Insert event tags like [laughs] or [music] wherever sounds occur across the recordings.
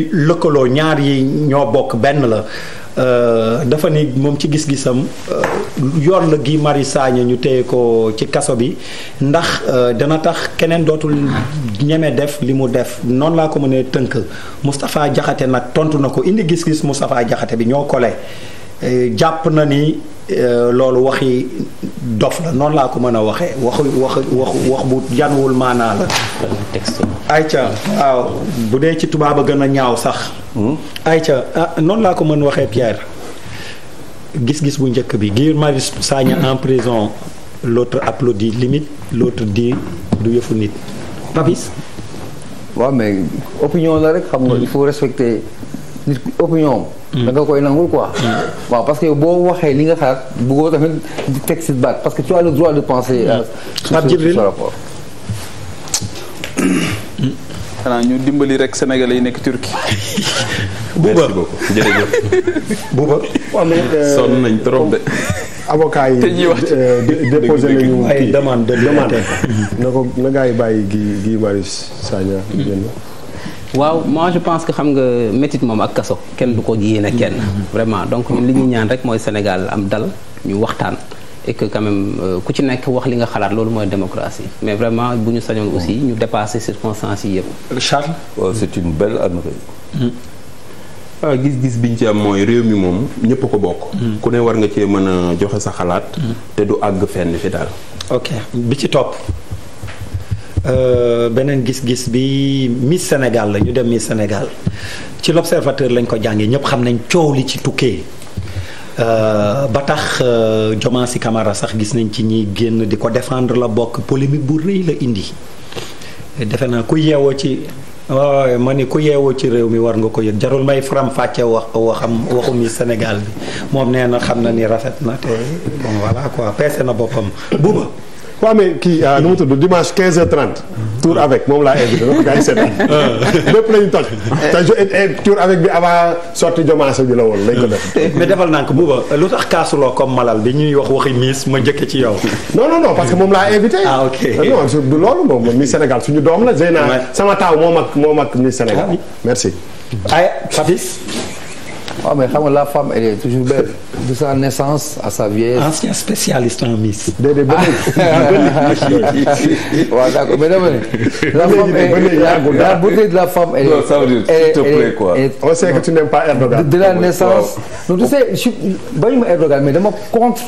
lëkkaloo ñaar yi ñoo bokk benn la euh, dafa ni moom ci gis-gisam yoon gi mari Marius ñu téye ko ci kaso bi ndax euh, dana tax keneen dootul ñeme def li mu def noonu laa ko mënee tënk Moustapha Diakhaté nag tontu na ko indi gis-gis Moustapha Diakhaté bi ñoo kole Eh, jàpp na ni eh, loolu waxi dof la noonu laa ko mën a waxe waxu wax wax wax bu januwul maanaa la ayca waaw bu dee ci tubaab a gën a ñaaw sax hmm? ayca ah, noonu laa ko mën waxee Pierre gis-gis bu njëkk bi Guy Marius Sagna en prison l'autre applaudit limite l'autre dit du yëfu nit Papis waaw mais opinion la rek xam nga il faut respecter nit opinion am mm. koy nangul ko mm. waaw parce que boo waxee li nga xalaat bëggoo tamit teg si baat parce que tu as le droit de penser euh, mm. Pape Djibril rapport [coughs] xanaa ñu dimbali rek sénégalais yi nekk Turquie. buuba [laughs] merci [laughs] euh, nañ trop de. [laughs] avocat yi te ñuy wax euh, déposé nañu ay demande de demande na ko na gaa yi bàyyi Guy Marius waaw moi je pense que xam nga métit moom ak kaso kenn du ko yéene kenn vraiment donc li ñuy ñaan rek mooy Sénégal am dal ñu waxtaan et que euh, ku ci nekk wax li nga xalaat loolu mooy démocratie mais vraiment bu ñu sañoon aussi ñu dépasser circonstances yi yëpp Charles c'est une belle année waaw hmm. ah, gis-gis biñ ci am mooy réew mi moom ñëpp ko bokk. Hmm. ku ne war nga cee mën a joxe sa xalaat. Hmm. te du àgg fenn fi daal. bi ci topp. Euh, beneen gis-gis bi Miss Sénégal la ñu dem Miss Sénégal ci l'observateur lañ ko jàngee ñëpp xam nañ coow li ci tukkee euh, ba tax euh, Jomaa si Camara sax gis nañ ci ñiy génn di ko defendre la bokk polémique bu rëy la indi defe naa ku yeewoo ci. ma ni ku yeewoo ci réew mi war nga ko yëg jarul may faram fàcce wax waxam waxu mi Sénégal bi moom nee xam na ni rafet na te bon voilà peese na boppam buuba waaw mais kii euh, nu mu tudd dimanche 15h30. tour moom laa invité na ko gars yi seetal. bi avant sorti jomaase bi la woon lañ ko def. defal naa ko lu tax kaasuloo comme malal bi ñuy wax waxi Miss ma njëkk ci yow. [laughs] non non non parce que moom laa invité. ah ok euh, non loolu moom Miss Sénégal suñu doom la. Zeyna sama taaw moo mag moo mag Miss Sénégal. Ah merci. ay Fatis. waaw ah, mais xam nga la femme elle est toujours belle. de sa naissance à sa vieillesse. ancien spécialiste en miss. déedéet ba léegi. waaw d'accord mais dama ne. la femme est la beauté de la femme elle est. non ça veut dire s'il te plaît quoi. on sait que tu n'aimes pas Erdogan. de la naissance. non tu sais je bañu ma Erdogan mais dama contre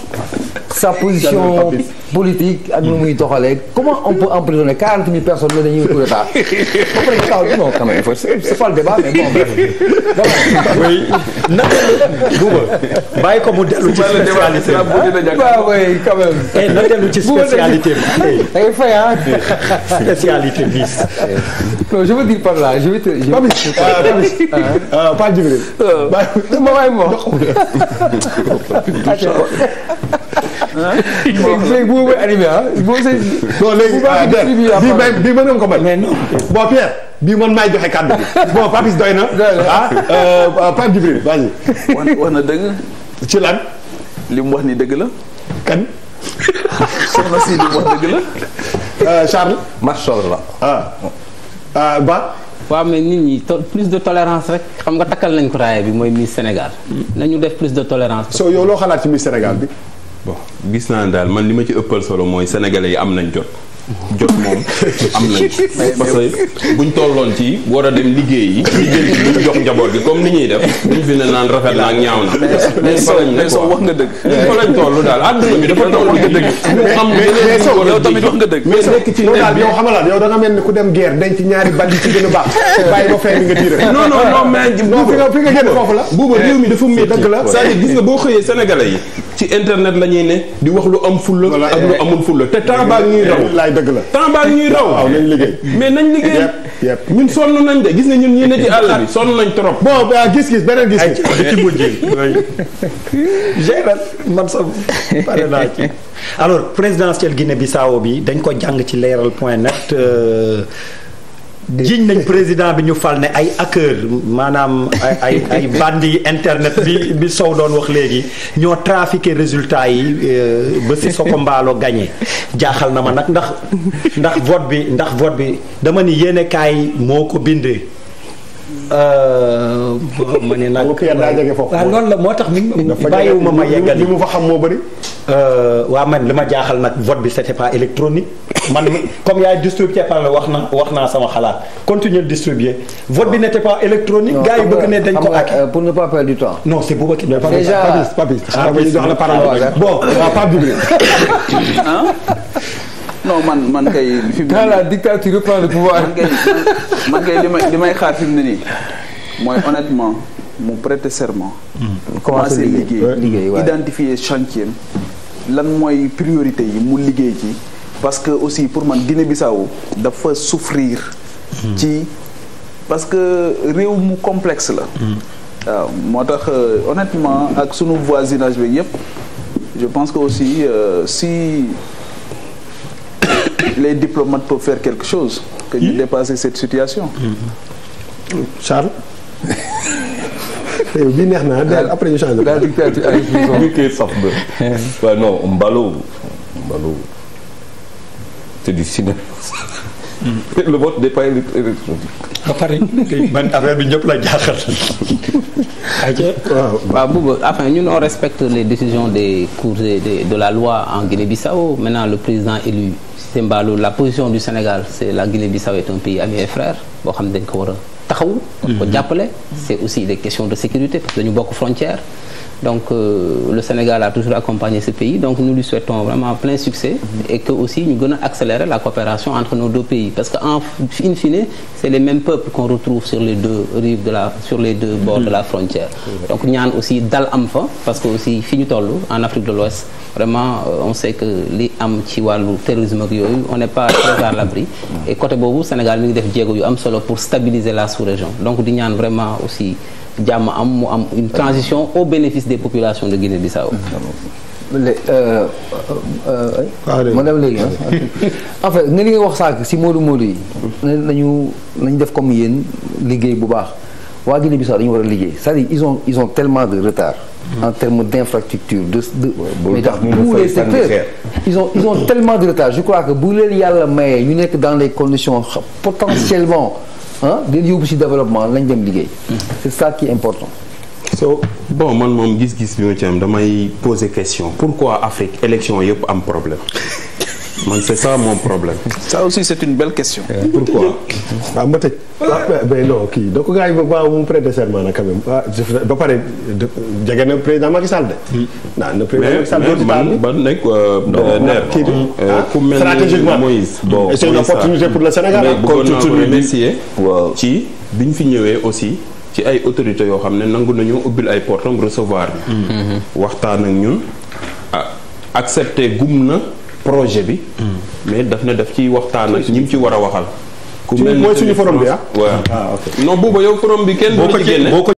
sa position politique ak nu muy doxalee comment on peut emprisonner quarante mille personnes mais dañuy coup d'état. ba pare taw non quand même c'est pas le débat mais bon bref. naka la bàyyi ko mu dellu ci spécialité waaw ah, oui quand même. Eh, na dellu ci spécialité bi. day fay ah. spécialité bis. non je veux dire par là je vais te. je vais te ah Pape Djibril. ma waay ma wax. léegi bu ma animé ah. non léegi ah bi ma ko mën. mais non bon Pierre. bii man maay joxe kàddu bi [laughs] bon Papis doy na. ah euh, Pape Djibril vas wax na dëgg. ci lan. li wax ni dëgg la. kan. [laughs] soxna si li wax dëgg la. Euh, Charles. marche sobre la. ah euh, Ba. waaw mais nit ñi plus de tolérance rek xam nga takkal nañ ko raaya bi mooy Miss Sénégal. nañu def plus de tolerance soo yow loo xalaat ci Miss Sénégal bi. bon gis naa daal man li ma ci ëppal solo mooy sénégalais yi am nañ jot. jot moom am na [laughs] parce que buñ tolloon ci war a dem liggéey yi liggéey bi duñ jox njaboot gi comme ni ñuy def duñ fi ne naan rafet na ak ñaaw na mais soo wax nga dëgg fa lañ toll daal àdduna bi dafa toll yow tamit yow daal mel ni ku dem guerre denc ñaari bal yi ci gën a baax [laughs] bàyyi ba fay nga tiire non non non mais non fi nga génn foofu la buuba réew mi dafa métti dëgg la c'est-à-dire gis nga boo xëyee sénégalais yi ci internet la ñuy ne di wax lu am fulla ak lu eh, eh. amul fulla te temps ñuy raw laay dëgg la temps baa nañ liggéey mais nañ liggéey ñun sonn nañ de gis nga ñun ñii ne ci àll bi sonn nañ trop bon gis-gis beneen gis-gis bi ci mujj [laughs] man sa pare naa ci [laughs] alors présidentielle Guinée Bissau bi dañ ko jàng ci leeral point net euh, jiñ nañ président bi ñu fal ne ay hackers maanaam ay ay [laughs] bandi internet bi bi Sow doon wax léegi ñoo trafiqué résultat yi euh, ba si Soko Mbaalo gagné jaaxal na ma nag ndax ndax vote bi ndax vote bi dama ne yéene kaay moo ko bindee. Euh, ma ne nag waaw loolu la moo tax mi bàyyiwuma ma yeggali li mu fa xam moo bëri. Euh, waa man li ma jaaxal nag vote bi c'était pas électronique. man comme yaay distribué par la wax wax naa sama xalaat continuer distribuer vote bi n'était pas électronique. gars yi bëgg ne dañ ko ak euh, pour ne pas perdre du temps. non c'est boobu kii. déjà Papis Papis ah, jox la [laughs] non man man kay. fi mu la dictature reprend le pouvoir. man kay man kay fi mu ne nii mooy honnêtement mu prêter serment. Hmm. commencer liggéey liggéey waaye identifier chantier lan mooy priorité yi mu liggéey ci. parce que aussi pour man Guinée-Bissau dafa souffrir. ci parce que réew mu complexe la. waaw moo tax euh, honnêtement ak sunu voisinage bi yëpp je pense que aussi euh, si [coughs] les diplomates peuvent faire quelque chose. que ñu hmm? dépasser cette situation. Mmh. Charles. léegi [laughs] neex na daal après ñu changé. daal di kii sax ba. non Mbalo. c'est du cinéma. le vote n'est pas électronique. ba pare man affaire enfin ñun on respecte les décisions des cours de de la loi en Guinée-Bissau na le président élu Cembalo la position du Sénégal c'est la Guinée-Bissau est un pays ami et frère boo xam ne dañ ko war a taxawu. ko mhm. jàppale. c'est aussi des questions de sécurité parce que dañu bokk frontière. Donc euh, le Sénégal a toujours accompagné ce pays, donc nous lui souhaitons vraiment plein succès mm -hmm. et que aussi nous allons accélérer la coopération entre nos deux pays. Parce qu'en in fine, c'est les mêmes peuples qu'on retrouve sur les deux rives de la sur les deux la mhm. frontière. Mm -hmm. Donc nous avons aussi Dal Amfa, parce que aussi Finitolo, en Afrique de l'Ouest, vraiment euh, on sait que les Am Chiwalu, terrorisme on n'est pas très à l'abri. Mhm. Et côté Bobo, Sénégal, nous avons Diego Am solo pour stabiliser la sous-région. Donc nous avons vraiment aussi jàmm am mu am une transition au bénéfice des populations de Guinée-Bissau. Euh, euh, euh, ma dem léegi en fait nga li nga wax sànq si Modou Modou yi nañu nañu def comme yéen liggéey bu baax waa Guinée-Bissau dañu war a liggéey c'est-à-dire ils ont ils ont tellement de retard en termes d'infrastructure de de mais dans tous les secteurs ils ont ils ont tellement que bu leen yàlla mayee ñu nekk dans les conditions potentiellement ah di leen yóbbu ci développement lañ dem liggéey. Mm-hmm. c'est ça qui est important. so bon man moom gis-gis bi ma ci am damay poser question pourquoi Afrique élection yëpp am problème. [laughs] man c'est ça mon problème. ça aussi c'est une belle question. Euh, pourquoi waaw [laughs] ah, ma mais non kii donc gars yi ba mu prêter serment nag quand même ah, ba pare jege na président Macky Sall de. ma hmm. na président Macky Sall dootu taal mais man nekk euh, kii euh, ah, ku mel ni Moïse bon c'est une opportunité ah. pour le Sénégal. remercier ci bi ñu fi ñëwee aussi. ci ay autorités yoo xam ne nangu nañu ubbil ay portam recevoir ñu hmm. hmm. waxtaan ak ñun accepté gum na projet bi mais daf na def ci waxtaan ak ñi mu ci war a waxal ku mel ni mooy suñu forum bi ah. waaw ah ok non booba